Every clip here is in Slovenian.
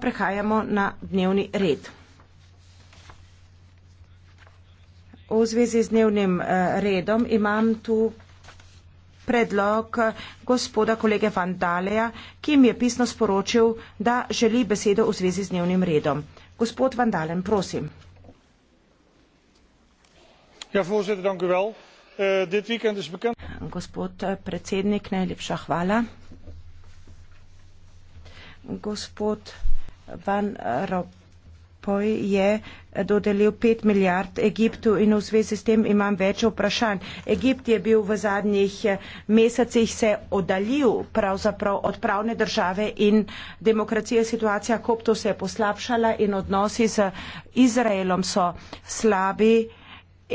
Prehajamo na dnevni red. V zvezi z dnevnim eh, redom imam tu predlog eh, gospoda kolege Vandaleja, ki mi je pisno sporočil, da želi besedo v zvezi z dnevnim redom. Gospod Vandalen, prosim. Ja, voorzitter, dank u wel. Uh, dit weekend is bekend. Gospod predsednik, najlepša hvala. Gospod. Van Rompuy je dodelil 5 milijard Egiptu in v zvezi s tem imam več vprašanj. Egipt je bil v zadnjih eh, mesecih se oddaljil pravzaprav od pravne države in demokracije situacija Koptu se je poslabšala in odnosi z Izraelom so slabi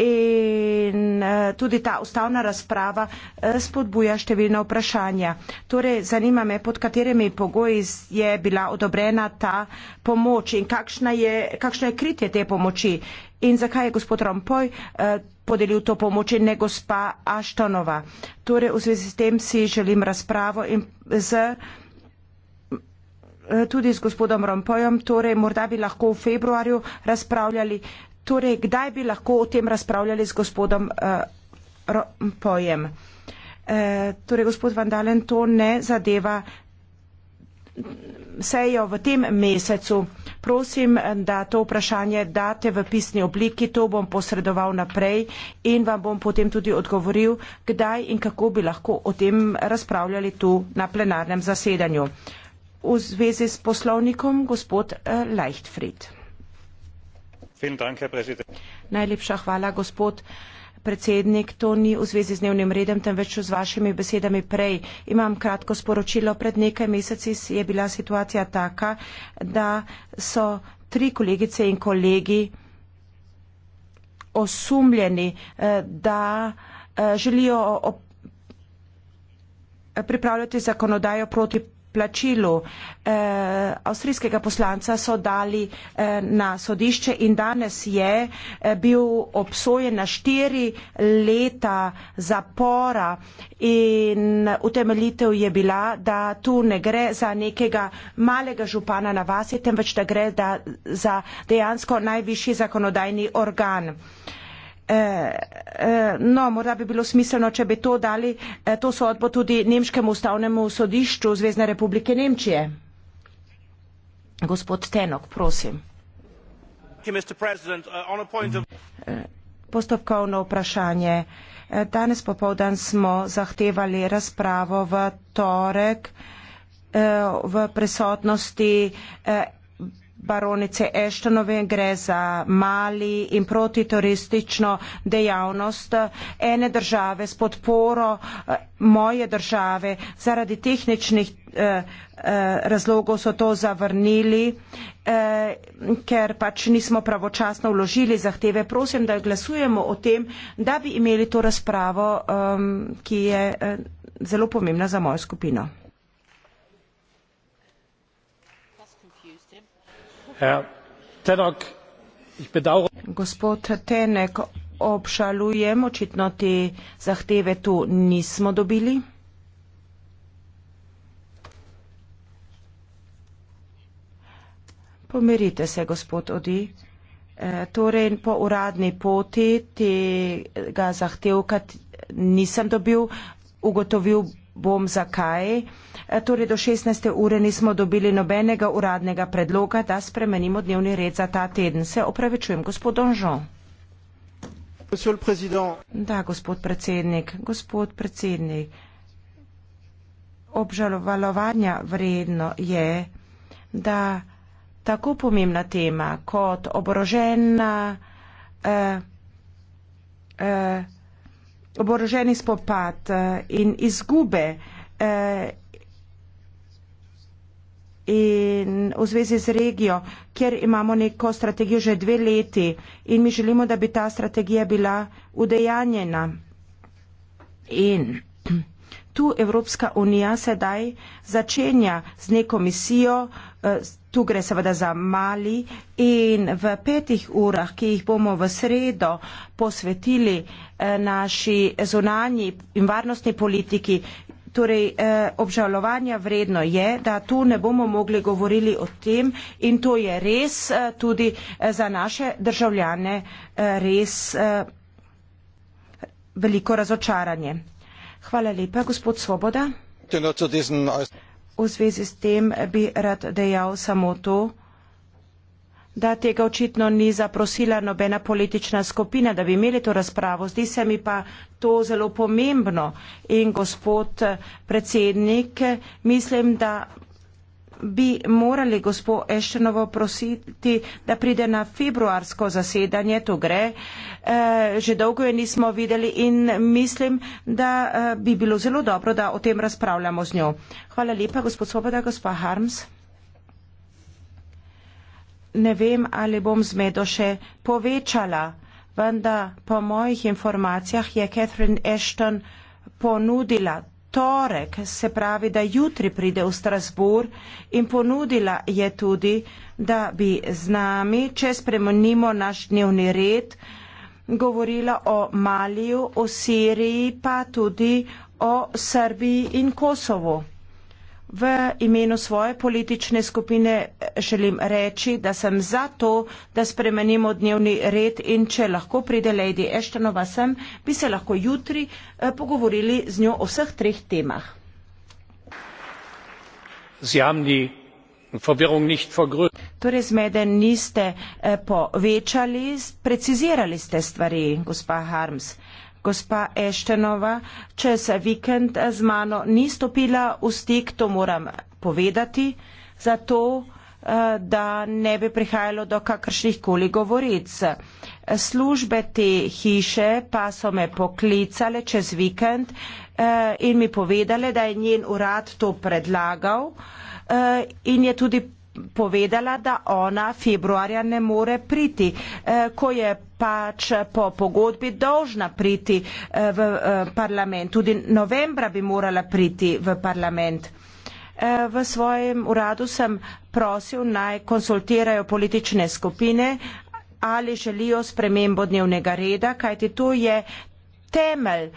in eh, tudi ta ustavna razprava eh, spodbuja številna vprašanja. Torej, zanima me, pod katerimi pogoji je bila odobrena ta pomoč in kakšna je, kakšno je kritje te pomoči in zakaj je gospod Rompoj eh, podelil to pomoč in ne gospa Aštonova. Torej, v zvezi s tem si želim razpravo in z tudi z gospodom Rompojem, torej morda bi lahko v februarju razpravljali, Torej, kdaj bi lahko o tem razpravljali z gospodom uh, eh, Rompojem? Uh, eh, torej, gospod Vandalen, to ne zadeva sejo v tem mesecu. Prosim, da to vprašanje date v pisni obliki, to bom posredoval naprej in vam bom potem tudi odgovoril, kdaj in kako bi lahko o tem razpravljali tu na plenarnem zasedanju. V zvezi s poslovnikom, gospod eh, Leichtfried. Najlepša hvala, gospod predsednik. To ni v zvezi z dnevnim redem, temveč z vašimi besedami prej. Imam kratko sporočilo. Pred nekaj meseci je bila situacija taka, da so tri kolegice in kolegi osumljeni, eh, da eh, želijo pripravljati zakonodajo proti plačilu eh, avstrijskega poslanca so dali eh, na sodišče in danes je eh, bil obsojen na štiri leta zapora in utemeljitev je bila, da tu ne gre za nekega malega župana na vasi, temveč da gre da, za dejansko najvišji zakonodajni organ. Eh, eh, no, morda bi bilo smiselno, če bi to dali, eh, to sodbo tudi Nemškemu ustavnemu sodišču Zvezdne republike Nemčije. Gospod Tenok, prosim. Uh, postopkovno vprašanje. Danes popovdan smo zahtevali razpravo v torek v prisotnosti baronice Eštonove gre za mali in protitoristično dejavnost eh, ene države s podporo eh, moje države. Zaradi tehničnih eh, eh, razlogov so to zavrnili, eh, ker pač nismo pravočasno vložili zahteve. Prosim, da glasujemo o tem, da bi imeli to razpravo, eh, ki je eh, zelo pomembna za mojo skupino. gospod tannock obžalujem očitno te zahteve tu nismo dobili pomirite se gospod audy e, torej po uradni poti tega zahtevka nisem dobil ugotovil bom zakaj. E, torej do 16. ure nismo dobili nobenega uradnega predloga, da spremenimo dnevni red za ta teden. Se opravičujem, gospod Donžon. Da, gospod predsednik, gospod predsednik, obžalovalovanja vredno je, da tako pomembna tema kot oborožena eh, eh, oboroženi spopad eh, in izgube eh, in v zvezi z regijo, kjer imamo neko strategijo že dve leti in mi želimo, da bi ta strategija bila udejanjena. In Tu Evropska unija sedaj začenja z neko misijo, eh, tu gre seveda za Mali in v petih urah, ki jih bomo v sredo posvetili eh, naši zunanji in varnostni politiki, torej eh, obžalovanja vredno je, da tu ne bomo mogli govorili o tem in to je res tudi za naše državljane res veliko razočaranje. Hvala lepa, gospod Svoboda. V zvezi s tem bi rad dejal samo to, da tega očitno ni zaprosila nobena politična skupina, da bi imeli to razpravo. Zdi se mi pa to zelo pomembno. In gospod eh, predsednik, mislim, da bi morali gospo Eštenovo prositi, da pride na februarsko zasedanje, tu gre, e, že dolgo je nismo videli in mislim, da e, bi bilo zelo dobro, da o tem razpravljamo z njo. Hvala lepa, gospod Svoboda, gospa Harms. Ne vem, ali bom zmedo še povečala, vendar po mojih informacijah je Catherine Ashton ponudila torek, se pravi, da jutri pride v Strasbur in ponudila je tudi, da bi z nami, če spremenimo naš dnevni red, govorila o Maliju, o Siriji, pa tudi o Srbiji in Kosovo v imenu svoje politične skupine želim reči, da sem za to, da spremenimo dnevni red in če lahko pride Lady Eštenova sem, bi se lahko jutri eh, pogovorili z njo o vseh treh temah. Torej zmede niste eh, povečali, precizirali ste stvari, gospa Harms. Gospa Eštenova, čez vikend z mano ni stopila v stik, to moram povedati, zato eh, da ne bi prihajalo do kakršnih koli govoric. Službe te hiše pa so me poklicale čez vikend eh, in mi povedale, da je njen urad to predlagal eh, in je tudi povedala, da ona februarja ne more priti, eh, ko je pač po pogodbi dolžna priti eh, v eh, parlament. Tudi novembra bi morala priti v parlament. V svojem uradu sem prosil naj konsultirajo politične skupine, ali želijo spremembo dnevnega reda, kajti to je temelj.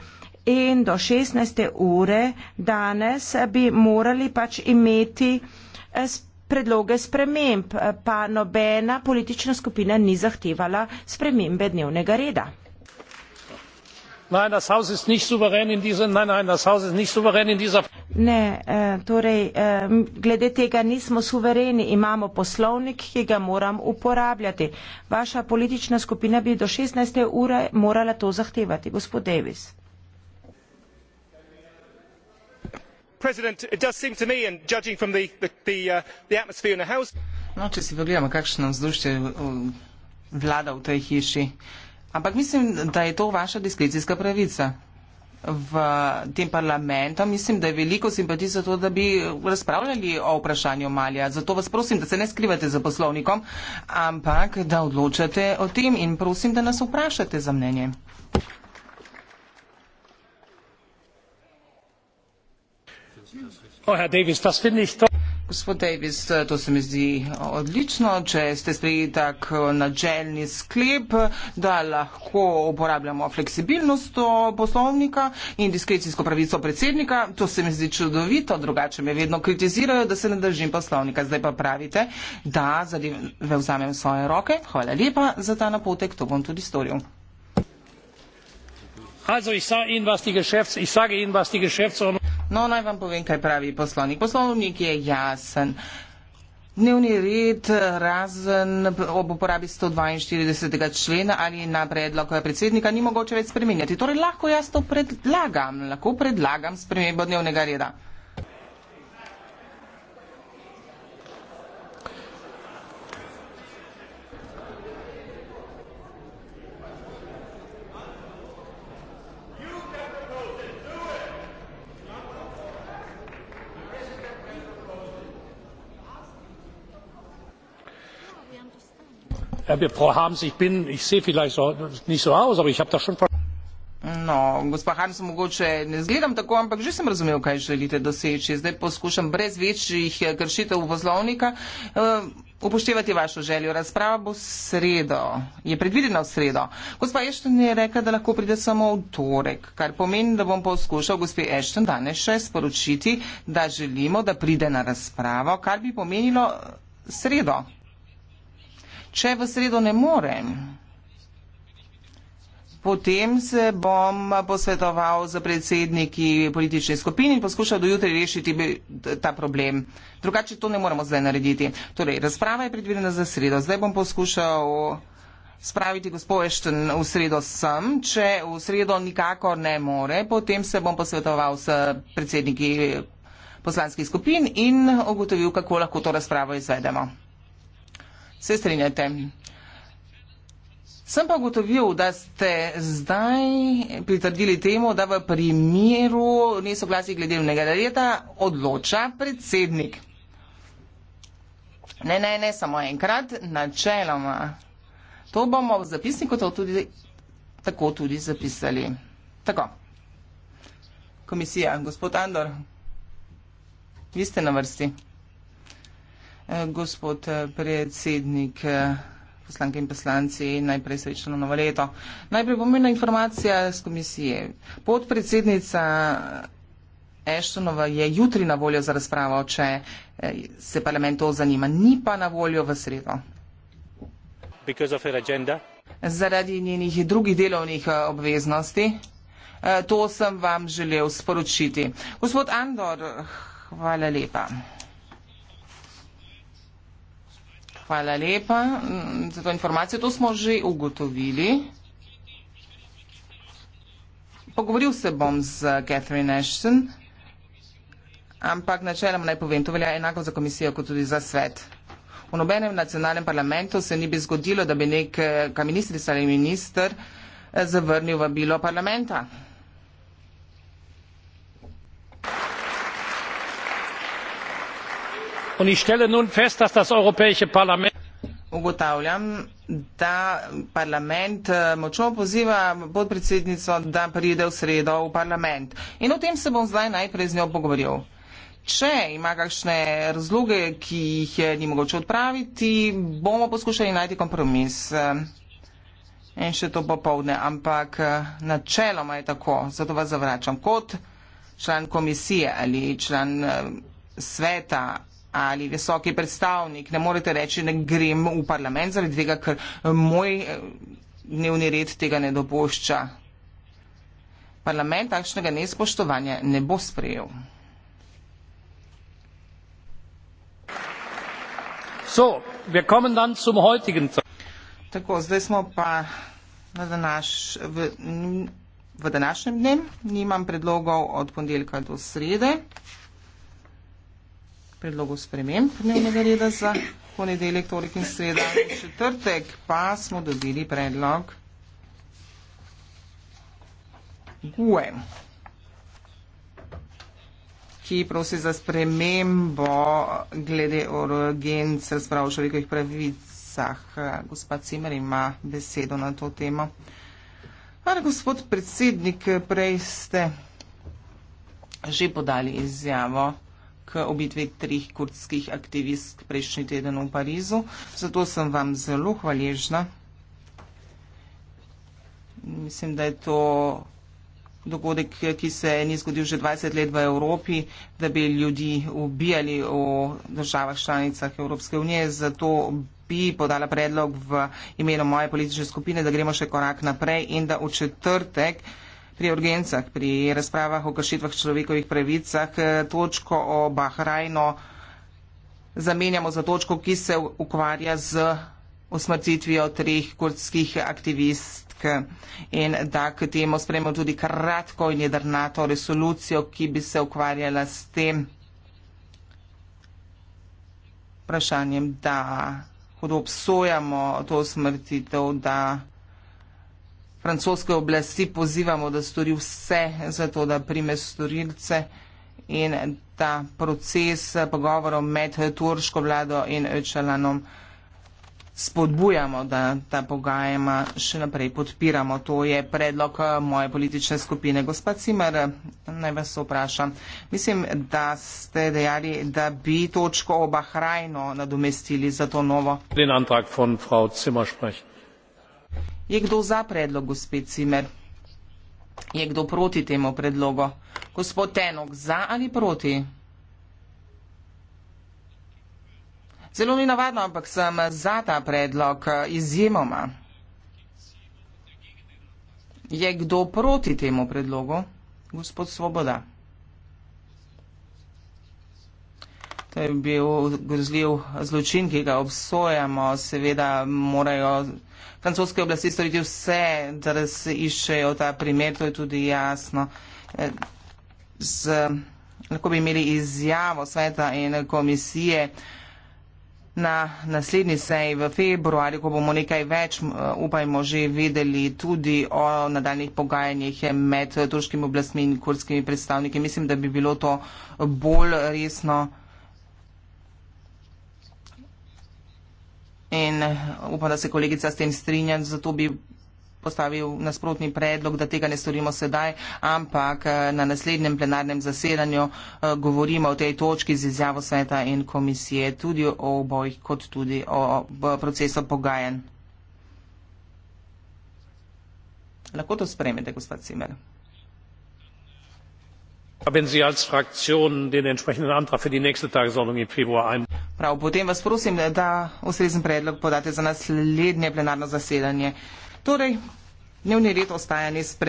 In do 16. ure danes bi morali pač imeti sprememb predloge sprememb, pa nobena politična skupina ni zahtevala spremembe dnevnega reda. Nein, das Haus ist nicht souverän in dieser Nein, nein, das Haus ist nicht souverän in dieser Ne, eh, torej, eh, glede tega nismo suvereni, imamo poslovnik, ki ga moram uporabljati. Vaša politična skupina bi do 16. ure morala to zahtevati, gospod Davis. Uh, no če si pogledamo kakšno vzdušje uh, vlada v tej hiši. Ampak mislim, da je to vaša diskrecijska pravica v tem parlamentu. Mislim, da je veliko simpati za to, da bi razpravljali o vprašanju Malja. Zato vas prosim, da se ne skrivate za poslovnikom, ampak da odločate o tem in prosim, da nas vprašate za mnenje. Oh, Gospod Davis, to se mi zdi odlično, če ste sprejeli tak eh, načelni sklep, da lahko uporabljamo fleksibilnost eh, poslovnika in diskrecijsko pravico predsednika. To se mi zdi čudovito, drugače me vedno kritizirajo, da se ne držim poslovnika. Zdaj pa pravite, da zadeve vzamem svoje roke. Hvala lepa za ta napotek, to bom tudi storil. Also, ich sage Ihnen, was die Geschäfts, ich sage Ihnen, was die Geschäftsordnung No, naj vam povem, kaj pravi poslovnik. Poslovnik je jasen. Dnevni red razen ob uporabi 142. člena ali na predlog predsednika ni mogoče več spremenjati. Torej lahko jaz to predlagam, lahko predlagam spremembo dnevnega reda. Ja, no, gospa Hans, mogoče ne zgledam tako, ampak že sem razumel, kaj želite doseči. Zdaj poskušam brez večjih eh, kršitev poslovnika uh, upoštevati vašo željo. Razprava bo sredo, je predvidena v sredo. Gospa Ešten je rekla, da lahko pride samo v torek, kar pomeni, da bom poskušal gospe Ešten danes še sporočiti, da želimo, da pride na razpravo, kar bi pomenilo eh, sredo. Če v sredo ne morem, potem se bom posvetoval z predsedniki politične skupine in poskušal do jutri rešiti ta problem. Drugače to ne moremo zdaj narediti. Torej, razprava je predvidena za sredo. Zdaj bom poskušal spraviti gospod Ešten v sredo sem. Če v sredo nikako ne more, potem se bom posvetoval s predsedniki poslanskih skupin in ugotovil, kako lahko to razpravo izvedemo. Se strinjate. Sem pa gotovil, da ste zdaj pritrdili temu, da v primeru nesoglasi glede vnega reda odloča predsednik. Ne, ne, ne, samo enkrat, načeloma. To bomo v zapisniku to tudi, tako tudi zapisali. Tako. Komisija, gospod Andor, vi ste na vrsti gospod eh, predsednik. Eh, poslanke in poslanci, najprej srečno novo leto. Najprej pomembna informacija z komisije. Podpredsednica Eštonova eh, je jutri na voljo za razpravo, če se parlament to zanima. Ni pa na voljo v sredo. Zaradi njenih drugih delovnih obveznosti. To sem vam želel sporočiti. Gospod Andor, hvala lepa. Hvala lepa mm, za to informacijo. To smo že ugotovili. Pogovoril se bom z Catherine Ashton, ampak načeloma naj povem, to velja enako za komisijo kot tudi za svet. V nobenem nacionalnem parlamentu se ni bi zgodilo, da bi neka eh, ministrica ali minister eh, zavrnil vabilo parlamenta. ich stelle nun fest dass das europäische parlament Ugotavljam, da parlament eh, močno poziva podpredsednico, da pride v sredo v parlament. In o tem se bom zdaj najprej z njo pogovoril. Če ima kakšne razloge, ki jih eh, ni mogoče odpraviti, bomo poskušali najti kompromis. Eh, in še to popovdne, ampak načeloma je tako, zato vas zavračam kot član komisije ali član sveta ali visoki predstavnik. Ne morete reči, ne grem v parlament zaradi tega, ker eh, moj eh, dnevni red tega ne dopušča. Parlament takšnega nespoštovanja ne bo sprejel. So, Tako, zdaj smo pa na današ, v, v današnjem dnem. Nimam predlogov od ponedeljka do srede predlogu sprememb dnevnega reda za ponedeljek, torek in sredo. Četrtek pa smo dobili predlog GUE, ki prosi za spremembo glede urgenc razprav o človekovih pravicah. Gospa Cimer ima besedo na to temo. Hvala, gospod predsednik, prej ste že podali izjavo k obitvi trih kurdskih aktivistk prejšnji teden v Parizu. Zato sem vam zelo hvaležna. Mislim, da je to dogodek, ki se ni zgodil že 20 let v Evropi, da bi ljudi ubijali v državah članicah Evropske unije. Zato bi podala predlog v imenu moje politične skupine, da gremo še korak naprej in da v četrtek pri urgencah, pri razpravah o kršitvah človekovih pravicah eh, točko o Bahrajno zamenjamo za točko, ki se ukvarja z usmrtitvijo treh kurdskih aktivistk in da k temu spremo tudi kratko in jedrnato resolucijo, ki bi se ukvarjala s tem vprašanjem, da hudo obsojamo to usmrtitev, da francoske oblasti pozivamo, da stori vse za to, da prime storilce in da proces pogovorov med turško vlado in Čelanom spodbujamo, da ta pogajema še naprej podpiramo. To je predlog eh, moje politične skupine. Gospod Cimer, naj vas vprašam. Mislim, da ste dejali, da bi točko o Bahrajno nadomestili za to novo. Den antrag von Frau Zimmer sprechen. Je kdo za predlog, gospod Cimer? Je kdo proti temu predlogu? Gospod Tenok, za ali proti? Zelo ni navadno, ampak sem za ta predlog izjemoma. Je kdo proti temu predlogu? Gospod Svoboda. To je bil grozljiv zločin, ki ga obsojamo. Seveda morajo francoske oblasti storiti vse, da se iščejo ta primer, to je tudi jasno. E, z, lahko bi imeli izjavo sveta in komisije na naslednji sej v februarju, ko bomo nekaj več, upajmo, že videli tudi o nadaljnih pogajanjih med turškimi oblastmi in kurskimi predstavniki. Mislim, da bi bilo to bolj resno. In eh, upam, da se kolegica s tem strinja, zato bi postavil nasprotni predlog, da tega ne storimo sedaj, ampak eh, na naslednjem plenarnem zasedanju eh, govorimo o tej točki z izjavo sveta in komisije, tudi o obojih, kot tudi o procesu pogajanj. Lahko to spremete, gospod Cimer haben ja, sie als fraktion den entsprechenden antrag für die nächste tagesordnung im februar ein prav potem vas prosim da ustrezen predlog podate za naslednje plenarno zasedanje torej dnevni red ostaja nespremenjen